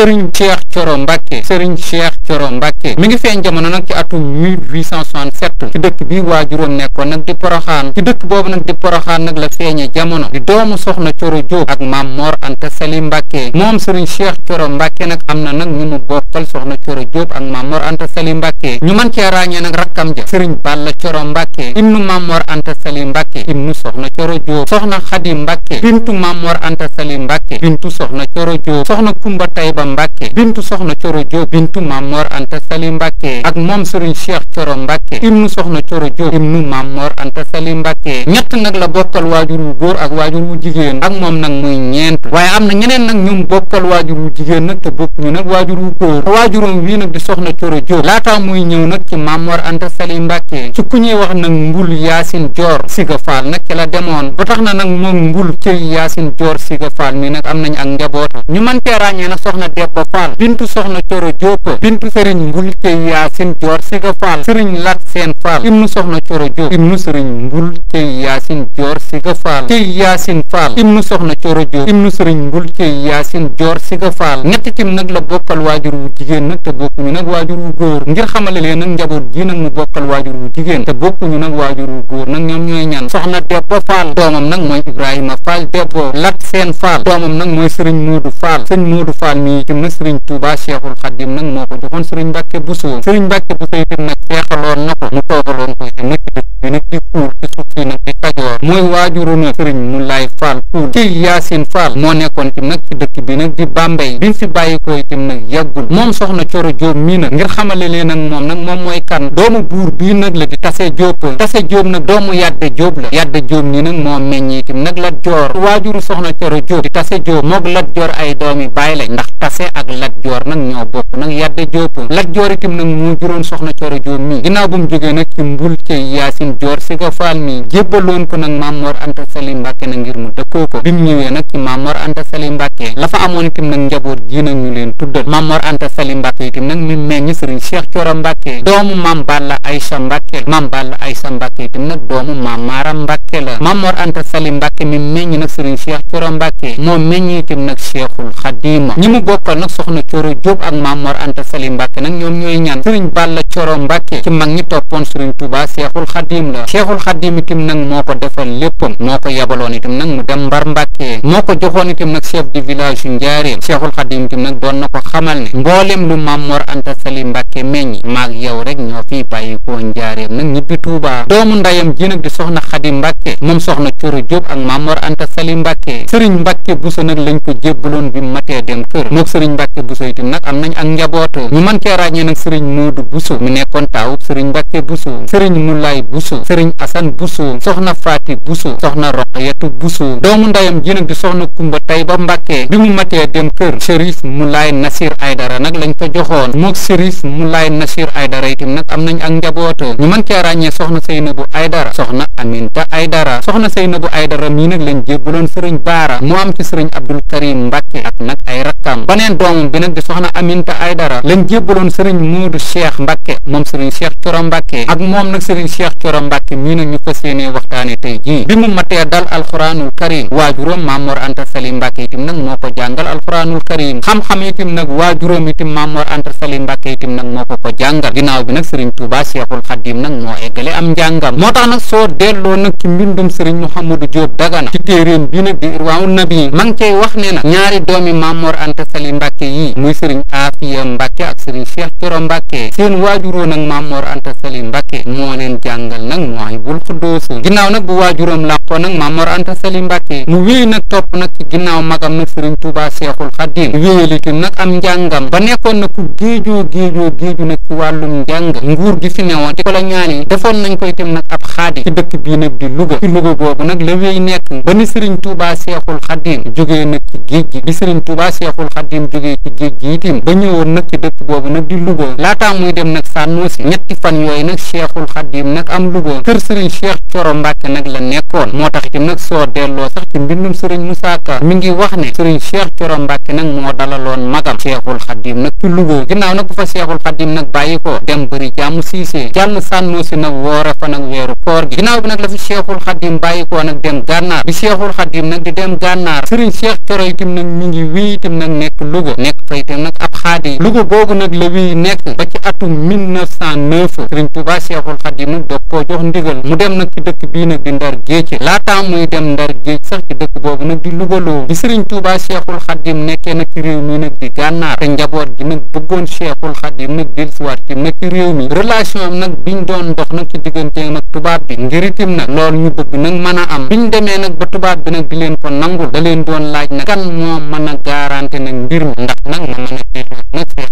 sëriñ Cheikh Coro Mbacke sëriñ Cheikh Coro Mbacke mi ngi feeñ jamono nag ci atum 1867 ci dëkk bii waajuróom nekkoon nag di poroxaan ci dëkk boobu nag di poroxaan nag la feeñe jamono di doomu soxna Coro Jóob ak maam Mor Anta Sali Mbacke moom sëriñ Cheikh Coro Mbacke nag am na nag ñu mu bokkal nag rakkam ja sëriñ Balla Coro Mbacke ibnu maam Anta Sali Mbacke ibnu soxna Coro Jóob soxna Xadi Mbacke bintu maam bintu soxna Coro Jóob bintu soxna Mor Anta Sali Mbacke ak moom Serigne Cheikh Coro Mbacke ibnu Soxna Coro Diop ibnu Maam Mor Anta Sali Mbacke ñett nag la bokkal waajur wu góor ak waajur wu jigéen ak moom nag muy ñeent waaye am na ñeneen nag ñoom bokkal waajur wu jigéen nag te bokkuñu nag waajur wu góor waajuroom wii nag di na Coro Diop laata muy ñëw nag ci Maam Mor Anta Sali Mbacke ci ku ñuy wax nag mbul Yaasin Joor Siga Faal nag ci la demoon ba tax na nag moom mbul cëy Yaasin Joor Siga Faal mi nag am nañ ak njaboota sëriñ mbul te yaasin joor siga faal sëriñ lat seen faal ibnu soxna coro jóob ibnu sëriñ mbul te yaasin joor siga faal te yaasin faal ibnu soxna coro jóob ibnu sëriñ mbul te yaasin joor siga faal ñetti tim nag la bokkal waajur wu jigéen nag te bokkuñu nag waajur wu góor ngir xamale leen nag njaboot ji nag mu bokkal waajur wu jigéen te bokkuñu nag waajur wu góor nag ñoom ñooy ñan soxna debbo faal doomam nag mooy ibrahima faal debbo lat seen faal doomam nag mooy sëriñ moodu faal sëriñ moodu faal mi itam nag sëriñ tuuba cheikhul xadim nag moo ko woon sëriñ Mbàkke Buso sëriñ Mbàkke Buso itam nag seexaloon na ko mu toogaloon ko itam nag bi nag di kuur ci suuf si nag di Kajoor mooy sëriñ mu laay faal kuur ci Yaasin Faal moo nekkoon itam nag dëkk bi nag di Bambey bi mu fi bàyyi nag yàggul moom soxna Coro Jóob mii nag ngir xamale leen nag moom nag moom mooy kan doomu buur bii nag la di Tase Jóob Tase Jóob nag doomu Yàdde Jóob la Yàdde Jóob nii nag moo meññ itam nag Lat Joor waajuru soxna Coro Jóob di Tase Jóob moog Lat Joor ay doomi bàyyi lañ ndax Tase ak Lat Joor nag ñoo bokk nag Yàdde Jóob Jóob Lat Joor itam nag mu juróon soxna Cooro Jóob mii ginnaaw bu mu jógee nag ci Yaasin Joor si ko faal mii jébbaloon ko nag Maam Anta Sali Mbàkke na bi mu ñëwee nag ci Maam Mor Anta Sali Mbàkke la fa amoon itam nag njaboot ji nag ñu leen tuddal Maam Mor Anta Sali Mbàkke itam nag mi meññ Sëriñ Cheikh Cooro Mbàkke doomu Maam Balla Aysa Mbàkke Maam Balla Aysa Mbàkke itam nag doomu Maam la Maam Mor Sali Mbàkke mi meññ nag Sëriñ Cheikh Cooro Mbàkke moo meññ itam nag Cheikhul Xadima ñi mu bokkal nag soxna Cooro Jóob ak Maam Anta Sali Abdoulaye Mbacke nag ñoom ñooy ñaan sëriñ Balla Coro Mbacke ci mag ñi toppoon sëriñ Touba Seexul Xadim la Seexul Xadim itam nag moo ko defal léppam moo ko yabaloon itam nag mu dem Mbar Mbacke moo ko joxoon itam nag chef du village yu Njaareem Seexul Xadim itam nag doon na ko xamal ne mboolem lu Maam Mor Anta Sali Mbacke meññi maag yow rek ñoo fii bàyyi koo Njaareem nag ñibbi Touba doomu ndayam ji nag di soxna Xadim Mbacke moom soxna Coro Jóob ak Maam Anta Sali Mbacke sëriñ Mbacke Bousso nag lañ ko jébbaloon ñu mën cee ràññee nag sëriñ Moodu Bousso mi nekkoon taawub sëriñ Mbacke Bousso sëriñ Moulay Bousso sëriñ Assane Bousso soxna Faati Bousso soxna Roqayatu Bousso doomu ndayam ji nag di soxna Kumba Tayba Mbacke bi mu matee dem kër Chérif Moulay Nasir Aydara nag lañ ko joxoon mook mu Moulay Nasir Aydara itam nag am nañ ak njabooto ñu mën cee ràññee soxna Seynabu Aydara soxna Aminta Aydara soxna Seynabu Aydara mii nag lañ jébbaloon sëriñ Baara mu am ci sëriñ Abdul Karim Mbacke ak nag ay rakkam baneen doomam bi nag di soxna Aminta Aydara lañ jébbaloon sëriñ Moodu Cheikh Mbacke moom sëriñ Cheikh Thioro Mbacke ak moom nag sëriñ Cheikh coro Mbacke mii nag ñu fas yéenee waxtaane tey jii bi mu matee dal alxuraanul karim waajuróom Mamor Anta Sali Mbacke itam nag moo ko jàngal alxuraanul karim xam-xam itam nag waajuróom itam Mamor Anta Sali Mbacke itam nag moo ko ko jàngal ginnaaw bi nag sëriñ Touba Cheikhul Khadim nag moo eggale am njàngam moo tax nag soo delloo nag ci mbindum sëriñ Mouhamadou Diop Dagana ci téeréem bi nag di Irwaawu Nabi ma ngi cay wax ne na ñaari doomi Mamor Anta Sali Mbacke yi muy sëriñ Afiya Mbacke ak sëriñ Cheikh Thioro Mbacke seen waajuroo nag maam Mor Anta Sali Mbacke moo bu waajuram làqoo nag maam Mor Anta Sali Mbacke mu wéy nag topp nag ci ginnaaw magam nag sëriñ Touba Cheikhul Khadim wéyalitu nag am njàngam ba nekkoon na ku géejoo géejoo géeju nag ci wàllum njàng nguur gi fi newoon ci colonial yi defoon nañ koy tim nag ab xaadi dëkk bii nag di Louga ci Louga nag la wéy ba ni sëriñ Touba Cheikhul Khadim jógee nag ci géej gi bi sëriñ Touba Cheikhul ba ñëwoon nag ci dëkk boobu nag di Louga laataa muy dem nag Sanosi ti fan yooyu nag Cheikhul Khadim nag am Louga kër Serigne Cheikh Thioro Mbacke nag la nekkoon moo tax itam nag soo delloo sax ci mbindum Serigne Moussa Ka mi ngi wax ne Serigne Cheikh Thioro Mbacke nag moo dalaloon magam Cheikhul Khadim nag ci Louga ginnaaw nag bu fa Cheikhul Khadim nag bàyyi ko dem bëri jàmm siisee jàmm Sanosi nag woore fa nag weeru koor gi ginnaaw bi nag la fi Cheikhul Khadim bàyyi ko nag dem gànnaar bi Cheikhul Khadim nag di dem gànnaar Serigne Cheikh Thioro itam nag mi ngi wii itam nag nekk Louga nekk fa itam nag ab xaadi Louga nag la wiy nekk ba ci atum 1909 Serigne Touba Cheikhul Khadim daf koo jox ndigal mu dem nag ci dëkk bii nag di Ndar Géej laataa muy dem Ndar Géej sax ci dëkk boobu nag di lugaloo bi Serigne Touba Cheikhul Khadim nekkee nag ci réew mi nag di gànnaar te njaboot gi nag bëggoon Cheikhul Khadim nag dellusiwaat ci nag ci réew mi relation am nag biñ doon dox nag ci diggante tubaab bi ngir itam na loolu ñu bëgg nag mën a am biñ demee nag ba tubaab bi nag di leen ko nangul da leen doon laaj nag kan moo mën a garanti nag mbir mi ndax nag ma mën a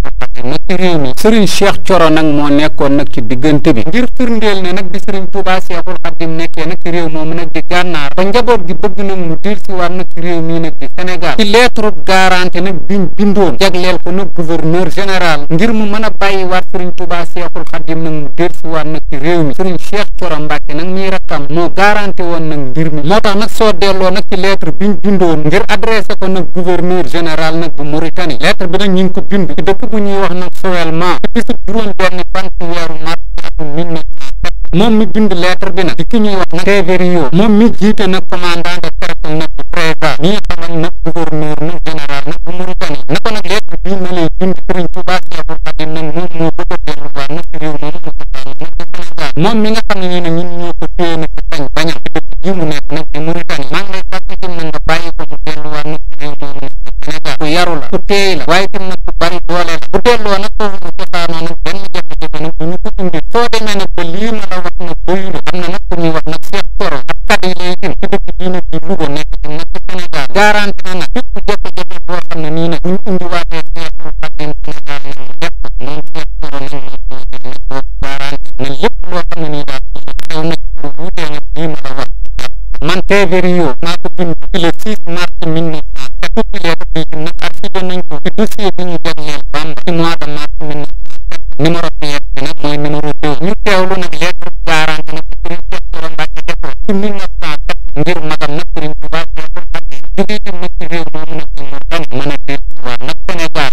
Cheikh Coro nag moo nekkoon nag ci diggante bi ngir firndeel ne nag bi sëriñ Touba Seexul Xadim nekkee nag ci réew moomu nag di gànnaar ba njaboot gi bëgg nag mu dir si waat nag ci réew mii nag di Sénégal ci lettre garanti nag biñ bindoon jagleel ko nag gouverneur général ngir mu mën a bàyyi waat sëriñ Touba Seexul Xadim nag mu réew mi sëriñ Corom Mbàkke nag mii rakkam moo garante woon nag mbir mi moo ta nag soo delloo nag ci lettre bi ñu bindoon ngir adressé ko nag gouverneur général na bu Mauritanie lettre bi nag ñu ngi ko bind dëkk bu ñuy wax nag Sowelma ci bisu juróom benn fan ci moom mi bind lettre bi nag di ki ñuy wax nag Tévério mi jiite na commandant de cercle nag bu Trésor mi nga moom mi nga xam ne nii ñun ñoo ko téye na ko a ko ji mu nekk nag te maa ngi lay fàttali tam na nga bàyyi ko mu delluwaat nag réew mi ku yaru la ku téye la waaye tam nag ku bari doole la bu Saverio maa ko bind ci le 6 mars 1904 lettre bi nag archivé nañ ko ci dossier bi ñu jagleel Bamba ci mois de mars 1904 numéro bi nag mooy numéro 2 ñu teewlu nag lettre jaarante nag Sëriñ Cheikh Thioro Mbacké Diakhou ci 1904 ngir magam nag Sëriñ Tuubaa Cheikhoul Khadim jógee ci réew moomu nag ñu mën a delluwaat nag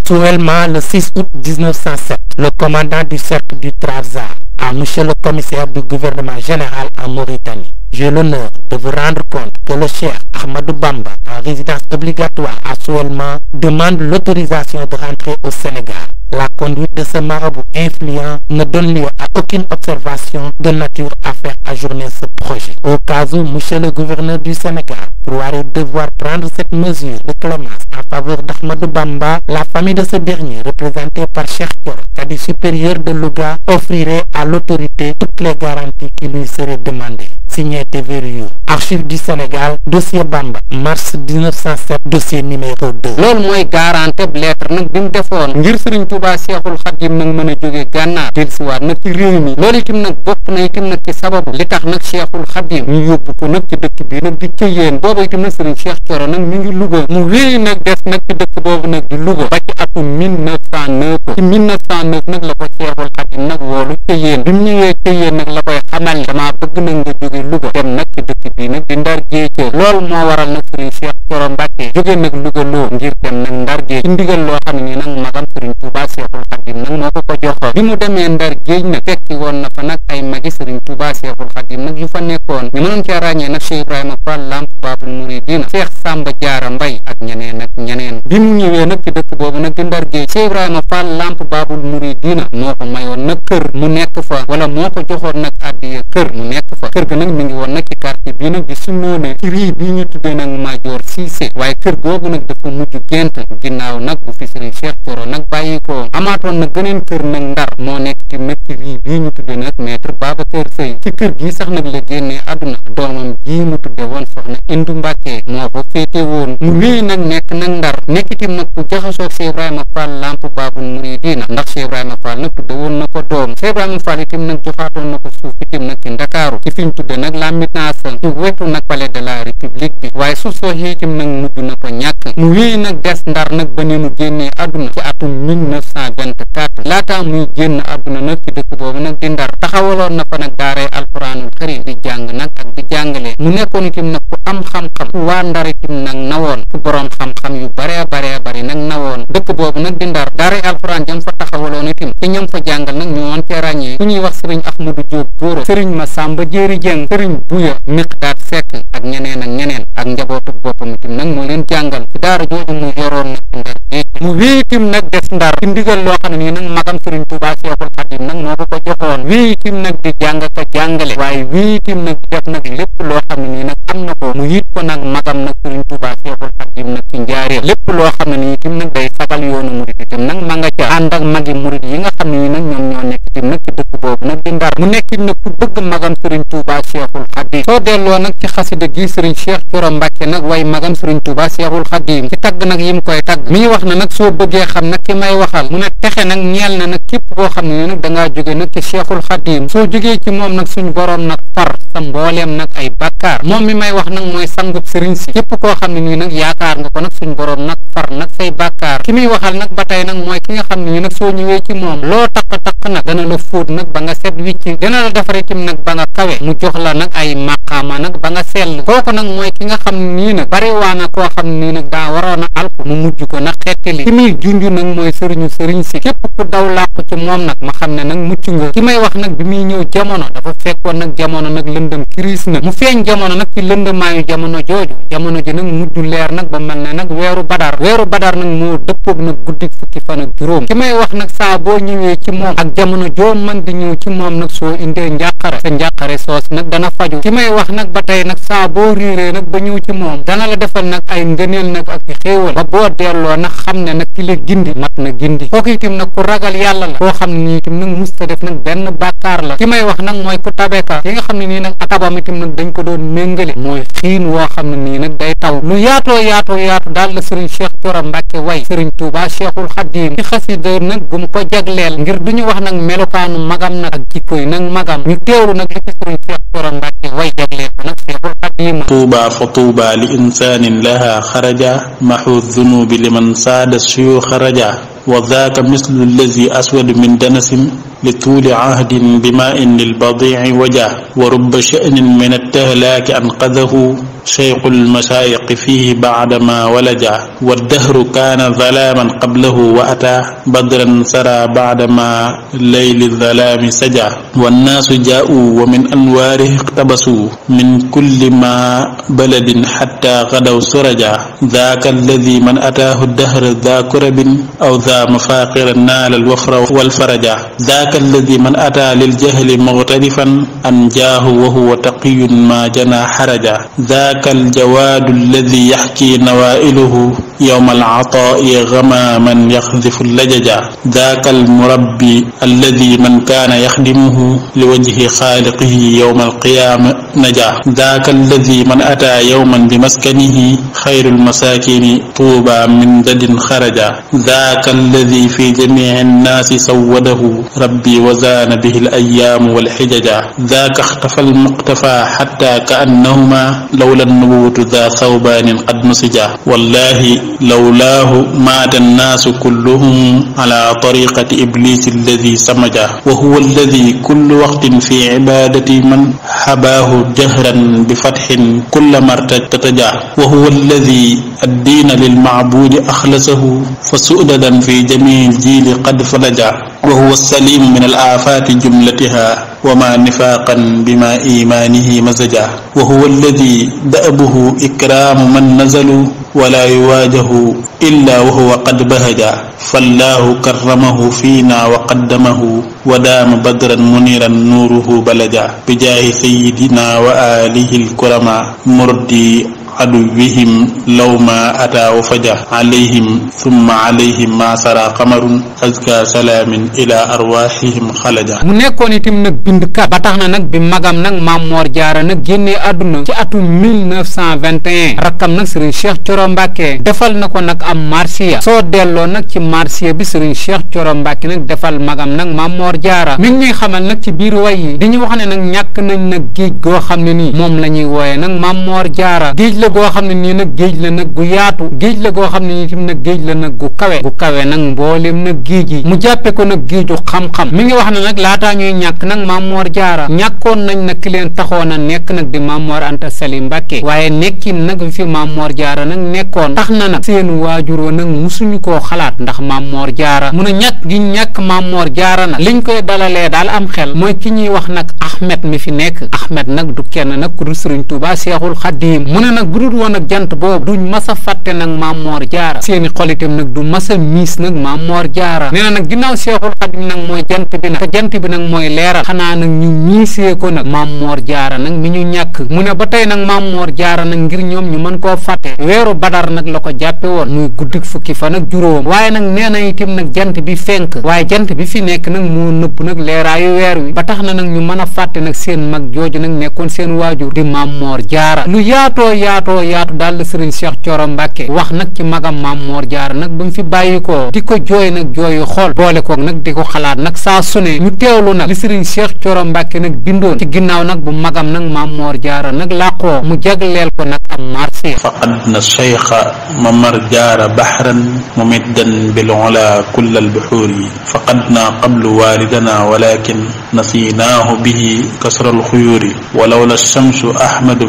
Actuellement, le 6 août 1907, le commandant du cercle du Trarza à Monsieur le commissaire du gouvernement général en Mauritanie. J'ai l'honneur de vous rendre compte que le chef Ahmadou Bamba, en résidence obligatoire actuellement, demande l'autorisation de rentrer au Sénégal. La conduite de ce marabout influent ne donne lieu à aucune observation de nature à faire ajourner ce projet. Au cas où monsieur le gouverneur du Sénégal croirait devoir prendre cette mesure de clémence en faveur d'Ahmadou Bamba, la famille de ce dernier, représentée par Cheikh Thioro, cadi supérieur de Louga, offrirait à l'autorité toutes les garanties qui lui seraient demandées. signé Devereux archive du Sénégal dossier Bamba mars 1907 dossier numéro 2 loolu mooy garanteb lettre nag bi mu defoon ngir Serigne Touba Cheikhoul Khadim nag mën a jóge gànnaar dellusiwaat nag ci réew mi loolu itam nag bokk na itam nag ci sababu li tax nag Cheikhoul Khadim ñu yóbbu ko nag ci dëkk bi nag di cëyeen booba itam nag Serigne Cheikh Thioro nag mi ngi Louga mu wéy nag des nag ci dëkk boobu nag di Louga ba ci atum 1909 ci 1909 nag la ko Cheikhoul Khadim nag woolu cëyeen bi mu ñëwee a ne damaa bëgg nag nga jóge Louga dem nag ci dëkk bii nag di Ndar Géej loolu moo waral nag sëriñ Cheikh Thioro Mbacke jóge nag Louga loo ngir dem nag Ndar Géej ci ndigal loo xam ne nag magam sëriñ Touba Cheikhoul fa bi mu demee ndar géej nag fekki woon na fa nag ay magi sëriñ Tuubaa Seexul Xadim nag yu fa nekkoon ñu mënoon caa ràññee nag Cheikh Ibrahima Fall Lamp Baabul Muridiina Cheikh Samba Jaara Mbay ak ñeneen ak ñeneen bi mu ñëwee nag ci dëkk boobu nag di ndar géej Cheikh Ibrahima Fall Lamp Baabul Muridiina moo ko mayoon nag kër mu nekk fa wala moo ko joxoon nag addiya kër mu nekk fa kër ga nag mi ngi woon nag ci quartier bii nag di sunoone ci rii bii ñu tuddee nag Maajoor Siise waaye kër googu nag dafa mujj gént ginnaaw nag bu fi sëriñ Cheikh Thioro nag bàyyi ko amaatoon na nag ndar moo nekk ci mercury bii ñu tudde nag maître Babacar Seye ci kër gi sax nag la génnee àdduna doomam ji mu tudde woon soxna Indu Mbàkke moo fa féete woon mu wéy nag nekk nag ndar nekkiti mag ku jaxasoog Cheikh Ibrahima Fall lamp baabul ndax Cheikh Ibrahima Fall nag tudde woon na ko doom Cheikh Ibrahima Fall itam nag joxaatoon na ko suuf itam nag ci Ndakaaru ci fi ñu tudde nag la mitnaasa ci wetu nag palais de la république bi waaye suuf soo itam nag mujj na ko ñàkk mu wéy nag des ndar nag ba ne mu génnee àdduna ci atum 1924 muy génn àdduna nag ci dëkk boobu nag di ndar taxawaloon na fa nag daaree alxuraanul karim di jàng nag ak di jàngale mu nekkoon itam nag ku am xam-xam waa ndar itam nag nawoon ku boroom xam-xam yu baree baree bari nag nawoon dëkk boobu nag di ndar daaree alxuraan jam fa taxawaloon itam ci ñam fa jàngal nag ñu woon cee ràññee ku ñuy wax sëriñ Ahmadou Diop Gora sëriñ Masamba Jéeri Jeng sëriñ Buya Miqdaat Sekk ak ñeneen ak ñeneen ak njabootu boppam itam nag moo leen jàngal ci daara jooju mu yoroon mu wiitim nag des ndar ci ndigal loo xam ne nii nag magam sëriñ Tuubaa Seexul Xadiim nag moo ko ko joxoon wiitim nag di jàng ka jàngale waaye wiitim nag di def nag lépp loo xam ne nii nag am na ko mu yit ko nag magam nag sëriñ Tuubaa Seexul Xadiim nag ci njaareem lépp loo xam ne nii itam nag day sagal yoonu murit itam nag ma nga ca ànd ak magi murit nga xam ne nii nag ñoom ñoo nekk Xadim nag ci dëkk boobu nag di Ndar mu nekkit nag ku bëgg magam sëriñ Touba Cheikhul Xadim soo delloo nag ci xasida gi sëriñ Cheikh Thioro Mbacke nag way magam sëriñ Touba Cheikhul Xadim ci tagg nag yi koy tagg mi wax na nag soo bëggee xam nag ki may waxal mu ne texe nag ñeel na nag képp koo xam ne nag dangaa joge nag ci Cheikhul Xadim soo jógee ci moom nag suñ boroom nag far sa mbooleem nag ay bakkaar moom mi may wax nag mooy sangub sëriñ si képp nag say bakaar ki muy waxal nag ba tey nag mooy ki nga xam ne nag soo ñëwee ci moom loo taq-taq nag dana la fóot nag ba nga set wicc dana la defar itam nag banga nga kawe mu jox la nag ay maqaama nag ba nga sell kooku nag mooy ki nga xam nii nag bari waa na koo xam nii nag daa waroon a alku mu mujj ko nag xettali ki mi junj nag mooy sëriñu sëriñ si képp ku daw làqu ci moom nag ma xam ne nag mucc nga ki may wax nag bi muy ñëw jamono dafa fekkoon nag jamono nag lëndëm crise nag mu feeñ jamono nag ci lëndëmaayu jamono jooju jamono ji nag leer nag ba mel ne nag weeru badar weeru badar nag moo dëppoog nag guddi fukki fan ak juróom ki may wax nag saa boo ñëwee ci moom ak jamono joo man di ñëw ci moom nag soo indee njàqare sa njàqare soos nag dana faju ki may wax nag ba tey nag saa boo riiree nag ba ñëw ci moom dana la defal nag ay ngëneel nag ak i xéewal ba boo loo nag xam ne nag ki la gindi mat na gindi kooku itam nag ku ragal yàlla la koo xam ne nii itam nag musta def nag benn bàkkaar la ki may wax nag mooy ku ka ki nga xam ne nii nag atabam itam nag dañ ko doon méngale mooy xiin woo xam ne nii nag day taw Thiora Mbacke way Serigne Touba Cheikhul Khadim ci xasida nag gum ko jagleel ngir duñu wax nag melokaanu magam nag ak jikkoy nag magam ñu teewlu nag li ci Serigne Cheikh Thiora Mbacke way jagleel ko nag Cheikhul Khadim tuuba fa tuuba li insaanin laha xaraja maxu dunubi liman saada suyu xaraja wa daaka mislu allazi aswad min danasim li tuuli ahdin bima in lilbadii waja wa ruba shanin min altahlaaki anqadahu cheikhu almasaayiqi fihi baada ma walaja والدهر كان ظلاما قبله وأتى بدرا سرى بعدما ليل الظلام سجى والناس جاءوا ومن أنواره اقتبسوا من كل ما بلد حتى غدوا سرجا ذاك الذي من أتاه الدهر ذا كرب أو ذا مفاقر نال الوفر والفرجا ذاك الذي من أتى للجهل مغترفا أنجاه وهو تقي ما جنى حرجا ذاك الجواد الذي يحكي نوائله yowma alcataa'i gamaaman yaxdifu lajaja daaka almurabbi alladi man kaana yaxdimuhu liwajhi xaaliqihi yowma alqiyaama naja daaka alladi man ataa yowman bi maskanihi xayru almasaakini tuuba min dadin xaraja daaka alladi fi jamiici annaasi sawwadahu rabbi wazaana bihi alayaamu walxijaja daaka ixtafa almuqtafa xatta kaannahuma lawla annubuwatu daa thawbaanin qad nusija wallahi lawlaahu maata annaasu kulluhum ala tariqati iblis alladi samaja wa huwa alladi kullu waqtin fi cibaadati man habaahu jahran bi fatxin kulla marta tataja wa huwa alladi addiina lilmacbuudi axlasahu fa sudadan fi jamii jiili qad falaja wa huwa assalimu min alaafaati jumlatiha وما نفاقا بما إيمانه مزجا وهو الذي دأبه إكرام من نزلوا wala yuwaajahu illa wa huwa qad bahaja fallaahu karramahu fiina wa qaddamahu wa daama badran muniran nuuruhu balaja bijaahi sayidina wa aalihi alkurama murdi aduwihim law ma ataa wa faja alayhim summa alayhim ma sara azka salaamin ila arwaxihim xalaja mu nekkoon itam nag bind ba tax nag bi magam nag maam Moor Jaara nag génnee àdduna ci atum 1921 rakkam nag sëriñ Cheikh Coro Mbàkke defal na ko nag am marsiya soo delloo nag ci marsiya bi sëriñ Cheikh Coro Mbàkke nag defal magam nag maam Moor Jaara mi ngi xamal nag ci biir way yi dañu wax nag ñàkk nañ nag géej goo xam ne nii moom lañuy ñuy wooye nag maam Jaara géej la goo xam ne nii na géej la nag gu yaatu géej la goo xam ne nii tam nag géej la nag gu kawe gu kawe nag mboolem nag géej yi mu jàppe ko nag géeju xam-xam mi ngi wax ne nag laataa ñuy ñàkk nag Mamor Jaara ñàkkoon nañ nag ki leen taxoon a nekk nag di Mamor Anta Sali Mbàkke waaye nekkin nag fi Mamor Jaara nag nekkoon tax na nag seen waajuroo nag musuñu koo xalaat ndax Mamor Jaara mun a ñàkk gi ñàkk Mamor Jaara nag liñ koy dalalee daal am xel mooy ki ñuy wax nag Ahmed mi fi nekk Ahmed nag du kenn nag ku dul Sëriñ Tuubaa Seexul Xadiim bu dul woon ak jant boobu duñ mas a fàtte nag maam moor jaara seeni xol itam nag du mas a miis nag maam moor jaara nee na nag ginnaaw seexul xadim nag mooy jant bi nag te bi nag mooy leeral xanaa nag ñu miisee ko nag maam moor jaara nag mi ñu ñàkk mu ne ba tey nag maam moor jaara nag ngir ñoom ñu mën koo fàtte weeru badar nag la ko jàppe woon muy guddik fukki fan ak juróom waaye nag nee na itam nag jant bi fenk waaye jant bi fi nekk nag moo nëpp nag leeraayu weer wi ba tax na nag ñu mën a fàtte nag seen mag jooju nag nekkoon seen waajur di maam moor jaara lu yaatoo yaatoo yaatoo yaatu daal la sëriñ Cheikh Thioro Mbacke wax nag ci magam maam Mor Jaara nag ba mu fi bàyyi ko di ko jooy nag jooyu xool boole koog nag di ko xalaat nag saa su ne ñu teewlu nag li sëriñ seex coro Mbacke nag bindoon ci ginnaaw nag bu magam nag maam Mor Jaara nag làqoo mu jagleel ko nag am marché faqad na cheikha mamar jaara baxran mumiddan bil ula kull al buxuuri faqad naa qablu waalidana walakin nasinaahu bihi kasra al xuyuuri walaw la chamsu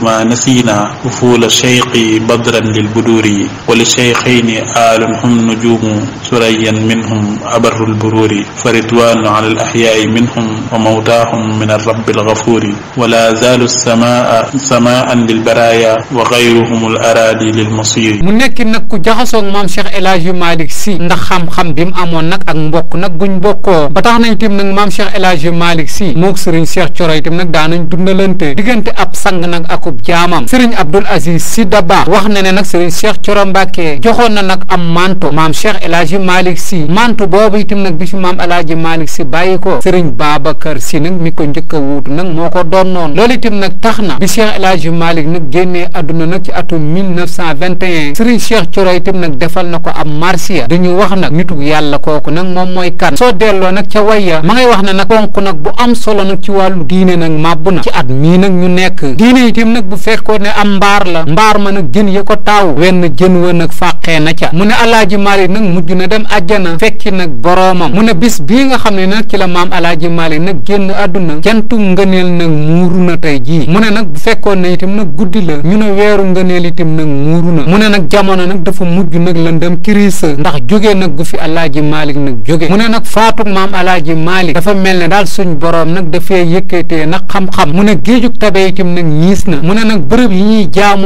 ma nasina ufula قبل شيقي بدرا للبدور ولشيخين آل هم نجوم سريا منهم أبر البرور فرضوان على الأحياء منهم وموتاهم من الرب الغفور ولا زال السماء سماء للبرايا وغيرهم الأراضي للمصير mu nekk nag ku jaxasoog maam Cheikh El Hadji Malick Sy ndax xam-xam bi mu amoon nag ak mbokk nag guñ bokkoo ba tax nañ tim nag maam Cheikh El Hadji Malick Sy moog sëriñ Cheikh Thioro itam nag daanañ dundalante diggante ab sang nag akub jaamam sëriñ Abdul Aziz Serigne Sida Ba na ne nag Serigne Cheikh Thioro Mbacke joxoon na nag am manto maam Cheikh El Hadji Malick Sy manto boobu itam nag bi fi maam El Hadji Malick Sy ko Serigne Babacar Sy nag mi ko njëkk a wuutu nag moo ko doon noonu loolu itam nag tax na bi Cheikh El Hadji Malick nag génnee àdduna nag ci atum 1921 Serigne Cheikh Thioro itam defal na ko am marsiya dañu wax nag nitug yàlla kooku nag moom mooy kan soo delloo nag ca waya ma wax ne nag ponk nag bu am solo ci wàllu diine nag màbb na ci at mii nag ñu nekk diine itam nag mbaar ma nag jën ya ko taaw wenn jën wa nag fàqee na ca mu ne alaaji maalik nag mujj na dem àjjana fekki nag boroomam mu ne bis bii nga xam ne na ci la maam alaaji maalik nag génn àdduna jantu ngëneel na muuru na tey jii mu ne nag bu fekkoon na itam nag guddi la ñu ne weeru ngëneel itam nag muuru na mu ne nag jamono nag dafa mujj nag lëndëm kiriisa ndax jóge nag gu fi alaaji maalik nag jóge mu ne nag faatug maam alaaji maalik dafa mel na daal suñ boroom nag dafee yëkkatee na xam-xam mu ne géejug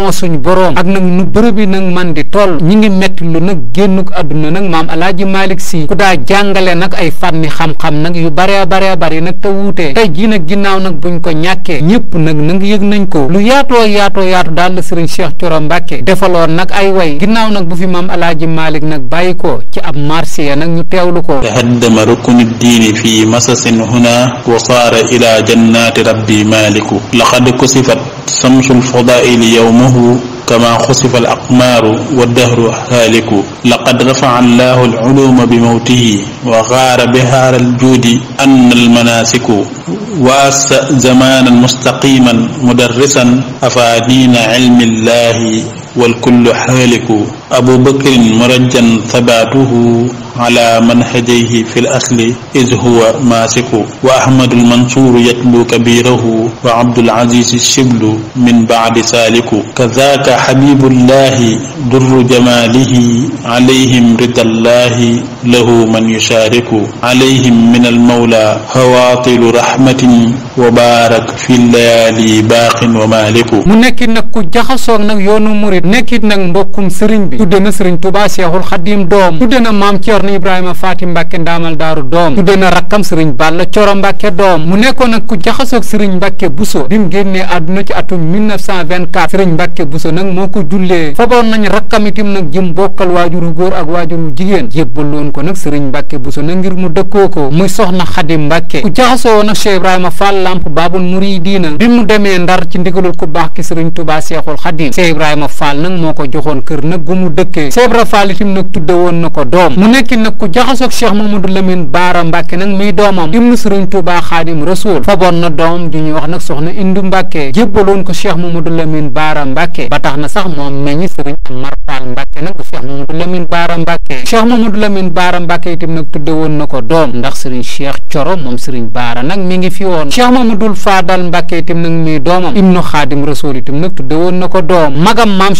jaamoo suñ boroom ak nag nu bërëb bi nag man di toll ñi ngi metti lu nag génnuk àdduna nag maam alaaji Malick Sy ku daa jàngale nag ay fànni xam-xam nag yu bare bare bari nag te wuutee tey jii nag ginnaaw nag buñ ko ñàkkee ñëpp nag nag yëg nañ ko lu yaatoo yaatoo yaatu daal la sëriñ Cheikh Thioro defaloon nag ay way ginnaaw nag bu fi maam alaaji Malick nag bàyyi ko ci ab marché nag ñu teewlu ko tahaddama rukni diini fii masasin huna wa saara ila jannaati rabbi maliku laqad kusifat samsul fadaili yowmahu kama xusifa al aqmaaru wa dahru haaliku laqad rafaca allahu alculuuma bi mawtihi wa gaara bihaara aljuudi anna almanaasiku wa assa zamaanan mustaqiman mudarrisan afaadiina cilmi llahi والكل حالك أبو بكر مرجا ثباته على منهجيه في الأصل إذ هو ماسك وأحمد المنصور يتلو كبيره وعبد العزيز الشبل من بعد سالك كذاك حبيب الله در جماله عليهم رضا الله له من يشارك عليهم من المولى هواطل رحمة وبارك في الليالي باق mu nekkit nag ku jaxasoog nag yoonu murit nekkit nag mbokkum sëriñ bi tudde na sëriñ Tuubaa Seexul Xadiim doom tudde na maam Ceerno Ibrahima Faati Mbàkke ndaamal daaru doom tudde na rakkam sëriñ Balla Coro Mbàkke doom mu nekkoon nag ku jaxasoog sëriñ Mbàkke Buso bi mu génnee àdduna ci atum vingt 1924 sëriñ Mbàkke Buso nag moo ko jullee faboon nañ rakkam itam nag jëm bokkal waajuru góor ak waajuru jigéen dénkoon ko nag sëriñ Mbàkke Buso na ngir mu dëkkoo ko muy soxna Xadi Mbàkke ku jaxasoo woon ak Cheikh Ibrahima Fall Lamp Baabul Muriidiina bi mu demee Ndar ci ndigalul ku baax ki sëriñ Tuubaa Seexul Xadiim Cheikh Ibrahima Fall nag moo ko joxoon kër nag gu mu dëkkee Cheikh Ibrahima mu itam nag tudde woon na ko doom mu nekk nag ku jaxasoo ak Cheikh Mamadou Lamine Baara Mbàkke nag muy doomam ibnu sëriñ Tuubaa Xaadim Rasuul faboon na doomam ju ñuy wax nag soxna Indu Mbàkke jébbaloon ko Cheikh Mamadou Lamine Baara Mbàkke ba tax na sax moom meññ sëriñ Amar Fall Mbàkke nag bu Baara Mbàkke itam nag tudde woon na ko doom ndax sëriñ Cheikh Coro moom sëriñ Baara nag mi ngi fi woon Cheikh Mamadul Faadal Mbàkke itam nag mii doomam Ibnu na ko doom magam na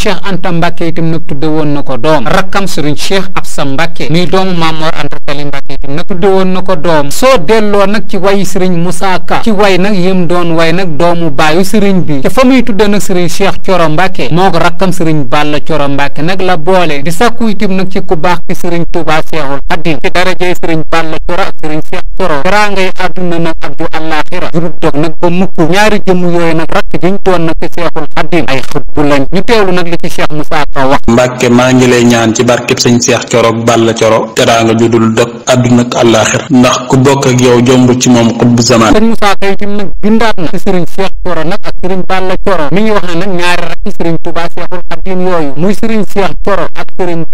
ko doom rakkam sëriñ Cheikh Absa Mbàkke mii doomu Maam Mor Anta Sali Mbàkke itam nag na ko soo delloo nag ci wayi sëriñ Moussa Ka ci way nag yëm doon way doomu baayu sëriñ bi te fa muy tudde nag sëriñ Cheikh Coro Mbàkke moo ko rakkam sëriñ Balla Coro nag la boole di sàkku itam nag ci ku baax ki sëriñ Tuubaa Cheikh Cheikhul Xadim ci darajey sëriñ Balla Coro ak sëriñ Cheikh Coro daraa ngay àdduna nag ak ju àllaaxira jurub dog nag ba mukk ñaari jëmm yooyu nag rakk jiñ doon nag ci Cheikhul Xadim ay xutbu lañ ñu teewlu nag li ci Cheikh Moussa Ka wax Mbàkke maa ngi lay ñaan ci barkeb sëñ Cheikh Coro ak àllaaxira ndax yooyu muy sëriñ Coro ak sëriñ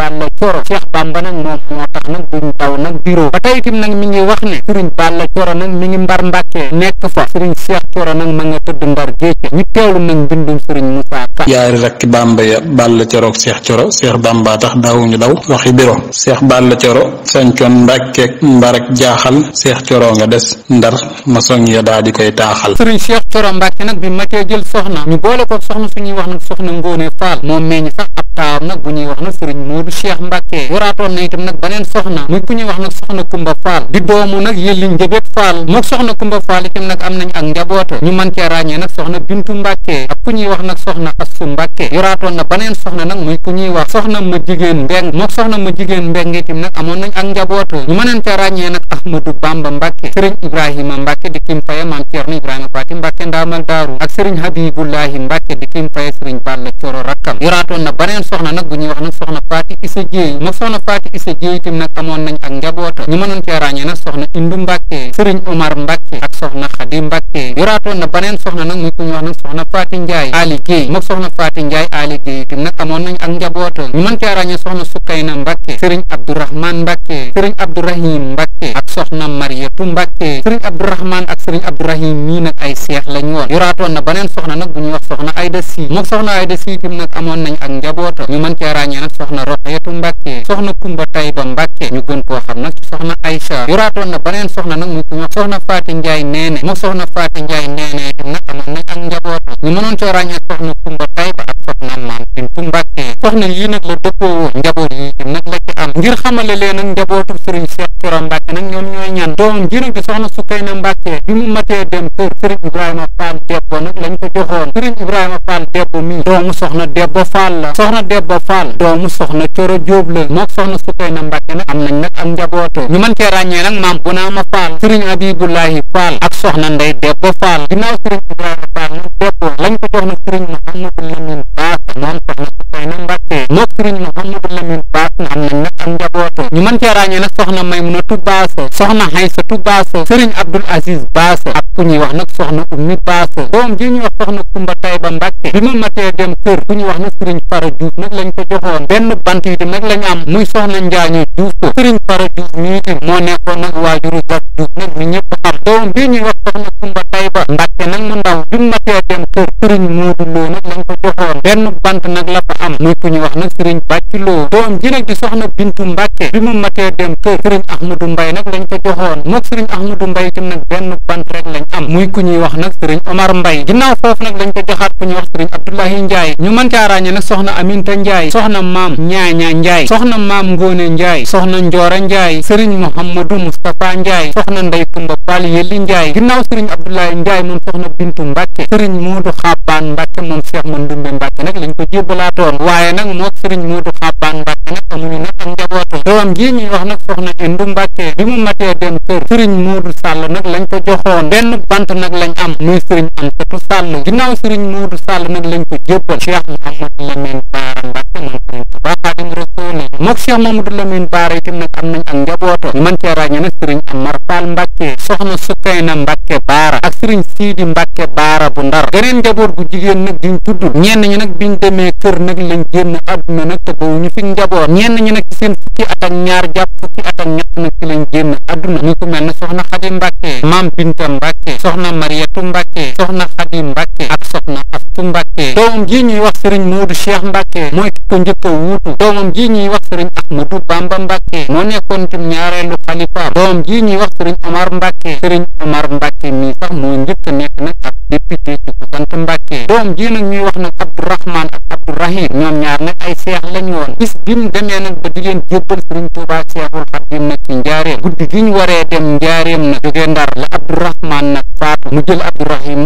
Bamba nag moom moo tax wax nag buñ daw nag biro ba tey itam nag mi ngi wax ne sëriñ Balla Coro nag mi ngi mbar Mbàkke nekk fa sëriñ Seex Coro nag ma nga tëdd Ndar Géej ñu teewlu nag mbindum sëriñ Moussa Ka yaari rakki Bamba ya Balla Coro ak Seex Coro Seex Bamba tax daawuñu daw waxi biro Seex Balla Coro sancoon Mbàkkeek Mbar ak jaaxal Seex Coro nga des Ndar masoŋ ya daa di koy taaxal sëriñ Seex Coro Mbàkke nag bi matee jël soxna ñu boole ko soxna suñuy wax nag soxna Ngóone Faal moom meññ sax ab taawam nag bu ñuy wax nag sëriñ Moodu Seex Mbàkke soxna muy ku ñuy wax nag soxna Kumba Faal di doomu nag yëlli njëbét faal mook soxna Kumba Faal itam nag am nañ ak njaboota ñu mën cee ràññee nag soxna Bintu Mbàkke ak ku ñuy wax nag soxna Assu Mbàkke yoraatoon na baneen soxna nag muy ku ñuy wax soxna ma jigéen mbeng mook soxna ma jigéen mbeng itam nag amoon nañ ak njaboota ñu mëneen cee ràññee nag Ahmadou Bamba Mbàkke sëriñ Ibrahima Mbàkke di kim faye maam Ceerno Ibrahima Faati Mbàkke ndaamal daaru ak sëriñ Habibullahi Mbàkke di kim faye sëriñ Balla Coro rakkam yoraatoon na baneen soxna nag bu ñuy wax nag soxna Faati Isa Jéey mook soxna Faati Isa Jéey itam nag amoon nañ ak njaboota ñu mënoon cee ràññee nag soxna Indu Mbàkke Sëriñ Omar Mbàkke ak soxna Xadi Mbàkke yoraatoon na baneen soxna nag muy ku ñu wax nag soxna Faati Njaay Ali Géey mook soxna Faati Njaay Ali Géey itam nag amoon nañ ak njaboota ñu mën cee ràññee soxna Sukkayna Mbàkke Sëriñ Abdourahman Mbàkke Sëriñ Abdourahim Mbàkke ak soxna Mariyatu Mbàkke Sëriñ Abdourahman ak Sëriñ Abdourahim mii ay seex lañ woon yoraatoon na baneen soxna nag bu ñuy wax soxna Ayda Si mook soxna Ayda Si itam na amoon nañ ak njaboota ñu mën cee ràññee nag soxna Roxayatu Mbàkke soxna Kumba Tayba Mbàkke ñu gën a xam nag soxna Aïcha yoraatoon na beneen soxna nag mu ku wax soxna Faati Njaay neene mu soxna Faati Njaay neene nag amoon nañ ak njaboot ñu mënoon coo ràññee soxna Kumba Tayba ak soxna Maam Bintu Mbàkke soxna yi nag la dëppoo njaboot yi itam nag la ci am ngir xamale leen nag njabootu sëriñ Cheikh Thioro Mbacke nag ñoom ñooy ñan doom ji nag na soxna Sukayna Mbacke ma mu matee dem kër sëriñ Ibrahima Fall Debbo nag lañ ko joxoon sëriñ Ibrahima Fall Debbo mi doomu soxna Debbo Fall la soxna Debbo Fall doomu soxna Thioro Diop la mook soxna na Mbacke nag am nañ nag am njabooto ñu mën cee ràññee nag maam Bounama Fall sëriñ Abibulahi Fall ak soxna Ndey Debbo Fall ginnaaw sëriñ Ibrahima Fall bopp lañ ko jox nag sëriñ Mouhamadou Lamine Bass moom soxna Soukeyna Mbacké na sëriñ Mouhamadou Lamine Bass na am nañ nag am njabooto ñu mën cee ràññee nag soxna Maymunatu Bass soxna Haysatu Bass sëriñ Abdoul Aziz Bass ak ku ñuy wax nag soxna Ummi Bass doom ji ñuy wax soxna Kumba Tayba Mbacké bi ma matee dem kër ku ñuy wax nag sëriñ Fara Diouf nag lañ ko joxoon benn bant yi nag lañ am muy soxna Njaañu Diouf ko sëriñ Fara Diouf moo nekkoon nag waajuru Zak Diouf nag mi ñëpp xam doom bi ñuy wax soxna Kumba Tayba Mbàkke nag mu ndaw nag lañ ko joxoon benn bant nag la fa am muy ku ñu wax nag sëriñ Bàcci Lo doom ji nag di soxna Bintu Mbàkke bi mu matee dem kër sëriñ Ahmadu Mbay nag lañ ko joxoon mook sëriñ Ahmadu Mbay itam nag benn bant rek lañ am muy ku ñuy wax nag sëriñ Omar Mbay ginnaaw foofu nag lañ ko joxaat ku ñuy wax sëriñ Abdoulahi Njaay ñu mën caa ràññee nag soxna Aminta Njaay soxna maam ñaaña Njaay soxna maam Ngóone Njaay soxna Njoora Njaay sëriñ Muhammadu Mustafa Njaay soxna Ndey Kumba Faal Yelli Njaay ginnaaw sëriñ Abdoulahi Njaay moom soxna Bintu Mbàkke sëriñ Moodu Xabbaan Mbàkke moom Seex Mandumbe Mbàkke nag lañ ko jébbalaatoon waaye nag mook sëriñ Moodu Xabbaan Mbàkke nag amuñu nag ak njabootu doom ji ñuy wax nag soxna Indu Mbàkke bi mu matee dem kër sëriñ Moodu Sàll nag lañ ko joxoon benn bant nag lañ am muy sëriñ Amsatu Sàll ginnaaw sëriñ Moodu Sàll nag lañ ko jébbal Cheikh Mouhamadou Lamine Bara Mbàkke mook Cheikh Mamadou Lamine Bara itam nag am nañ ak njabooto ñu mën cee ràññee nag sëriñ Amar Fall Mbacke soxna Sukayna Mbacke Baara ak sëriñ Sidi Mbacke Baara bu Ndar geneen njaboot gu jigéen nag duñ tudd ñenn ñi nag biñ demee kër nag lañ génn àdduna nag te boobu ñu fi njaboot ñenn ñi nag ci seen ñaar jàpp fukki at ak ñett nag ci lañ génn àdduna ñu ko mel ne soxna Xadi Mbacke Maam Binta Mbacke soxna Mariatu Mbacke Xadi Mbacke ak soxna Astu Mbacke doomam ji a wuutu doomam ji ñuy wax sëriñ Ahmadou Bamba Mbàkke moo nekkoon tim ñaareelu xalifaam doom ji ñuy wax sëriñ Omar Mbàkke sëriñ Omar Mbàkke mi sax moo njëkk a nekk nag ab député ci ku sant Mbàkke doom ji nag ñuy wax nag Abdourahman ak Abdourahim ñoom ñaar nag ay seex lañ woon bis bi mu demee nag ba di leen jébbal sëriñ Tuubaa Seexul Xadiim nag ci njaareem guddi gi ñu waree dem njaareem nag jógee Ndar la Abdourahman nag faatu mu jël Abdourahim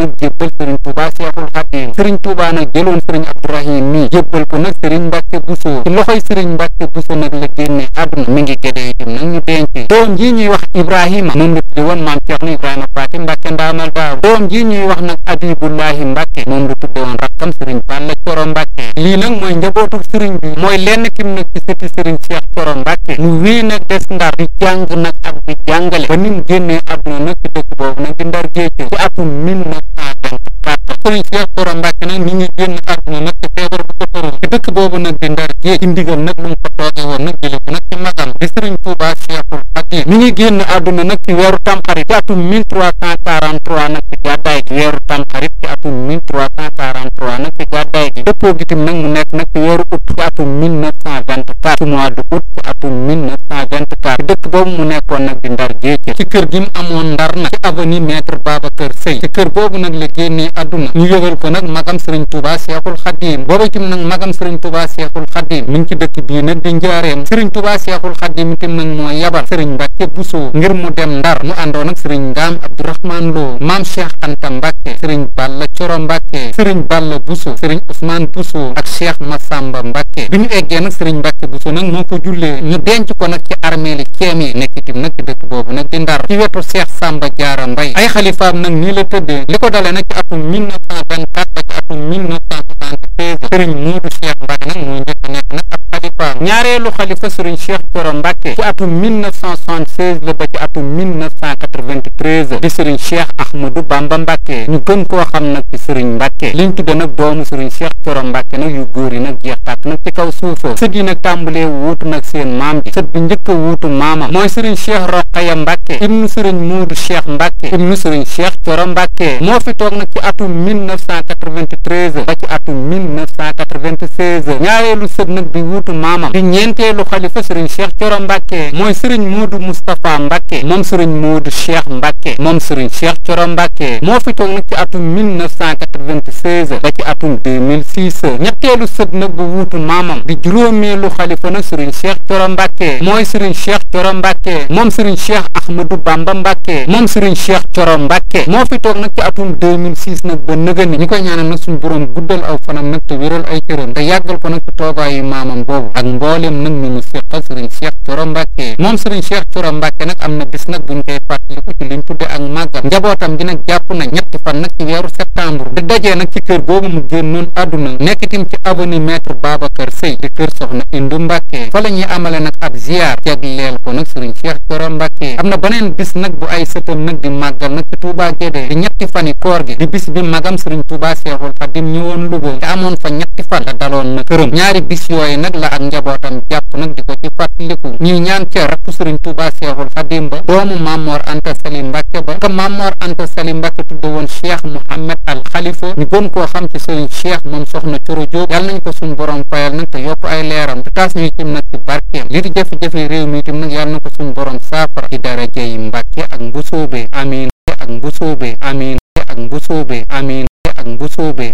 sëriñ Touba nag jëloon sëriñ Abdourahim mii jébbal ko nag sëriñ Mbacke Bousso ci loxoy sëriñ Mbacke Bousso nag la génne àdduna mi ngi gédee itam nag ñu denc doom ji ñuy wax Ibrahima moom la tudde woon maam Cerno Ibrahima Faati Mbacke ndaamal baaw doom ji ñuy wax nag Abibullahi Mbacke moom la tudde woon rakkam sëriñ Balla Coro Mbacke lii nag mooy njabootu sëriñ bi mooy lenn kim nag ci sëti sëriñ Cheikh Coro Mbacke mu wii nag des ndar di jàng nag ak di jàngale ba ni mu génnee àdduna nag ci dëkk boobu nag di ndar géej ci atum 1924 sëriñ Cheikh Coro Mbacke fekk na nit ñi génn àdduna nag ci feebar bu ko tëral ci dëkk boobu nag di ndar gee ci ndigal nag mu ngi ko na woon nag jële ko nag ci magam di sëriñ Tuuba Seexul Xadiim mi ngi génn àdduna nag ci weeru tamxarit ci atum 1343 nag ci gàddaay gi weeru tamxarit ci atum 1343 nag ci gàddaay gi dëppoo gitim nag mu nekk nag ci weeru août ci atum 1924 ci mois de août ci atum 19 1924 dëkk boobu mu nekkoon nag di ndar géej ci kër gi amoon ndar nag ci avenue maître Babacar Seye ci kër boobu nag la génnee adduna ñu yëgal ko nag magam sëriñ Touba Cheikhul Khadim booba itam nag magam sëriñ Touba Cheikhul Khadim mi ngi ci dëkk bii nag di njaareem sëriñ Touba Cheikhul Khadim itam nag moo yabal sëriñ Mbacke Bousso ngir mu dem ndar mu àndoon ak sëriñ Ngam Abdourahmane Lo maam Cheikh Anta Mbacke sëriñ Balla Coro Mbacke sëriñ Balla Bousso sëriñ Ousmane Bousso ak ci armeeli ceem yi nekk itam nag dëkk boobu nag di ndar ci wetu Seex Sàmba Jaara Mbay ay xalifaam nag nii la tëddee li ko dalee nag ci atum 1924 ba ci atum 1976 sëriñ Muudu Seex Mbay nag muy njëkk nekk nag Fall ñaareelu xalifa Serigne Cheikh Thioro Mbacke ci atum 1976 la ba ci atum 1993 di Serigne Cheikh Ahmadou Bamba Mbacke ñu gën koo xam nag ci Serigne Mbacke liñ tudde nag doomu Serigne Cheikh Thioro Mbacke nag yu góor yi nag jeex tàkk nag ci kaw suufa sët yi nag tàmbalee wuutu nag seen maam ji sët bi njëkk a wuutu maamam mooy Serigne Cheikh Rokhaya Mbacke ibnu Serigne Modou Cheikh Mbacke ibnu Serigne Cheikh Thioro Mbacke moo fi toog nag ci atum 1993 ba ci atum 1996 ñaareelu sët nag bi wuutu maam maamam di ñeenteelu xalifa sëriñ cheikh coro mbàkke mooy sëriñ moodu moustapha mbàkke moom sëriñ moodu cheikh mbàkke moom sëriñ cheikh coro mbàkke moo fi toog nag ci atum 1996 ba ci atum 2006 ñetteelu sët nag bu wuutu maamam di juróomeelu xalifa nag sëriñ cheikh coro mbàkke mooy sëriñ cheikh coro mbàkke moom sëriñ cheikh ahmadou bamba mbàkke moom sëriñ cheikh coro mbàkke moo fi toog nag ci atum 2006 nag ba nëgëni ñi koy ñaanal nag suñu borom guddal aw fanam nag te wéral ay cëram te yàggal ko nag ci toogaayu maamam boobu ak mboolem nag ñu mu séqal sëriñ Cheikh Thioro Mbacke moom sëriñ Cheikh Thioro Mbacke nag am na bis nag buñ koy fàttaliku ci liñ tudde ak màggam njabootam gi nag jàpp na ñetti fan nag ci weeru septembre di dajee nag ci kër boobu mu génnoon àdduna nekk tim ci avenue maître Babacar Seye di kër soxna Indu Mbacke fa la ñuy amale nag ab ziar jagleel ko nag sëriñ Cheikh Thioro Mbacke am na beneen bis nag bu ay sëtam nag di màggal nag ci Touba Guédé di ñetti fani koor gi di bis bi magam sëriñ Touba Cheikhoul Khadim ñëwoon Louga te amoon fa ñetti fan la daloon nag këram ñaari njabootam jàpp nag di ko ci fàttaliku ñuy ñaan ca rakk sëriñ Tuuba Seexul Xadim ba doomu Mamor Anta Sali Mbàkke ba ka Mamor Anta Sali Mbàkke tudde woon Cheikh Mouhamed Al Khalifa ñu gën ko xam ci sëriñ Cheikh moom soxna Coro Jóob yàlla nañ ko suñ borom fayal nag te yokk ay leeram te taas ñuy tim nag ci barkeem li di jafe-jafe rew mi tim nag yàlla nañ ko suñ borom saafara ki daraja yi Mbàkke ak Mbusoobe amiin ak Mbusoobe amiin ak Mbusoobe amiin ak Mbusoobe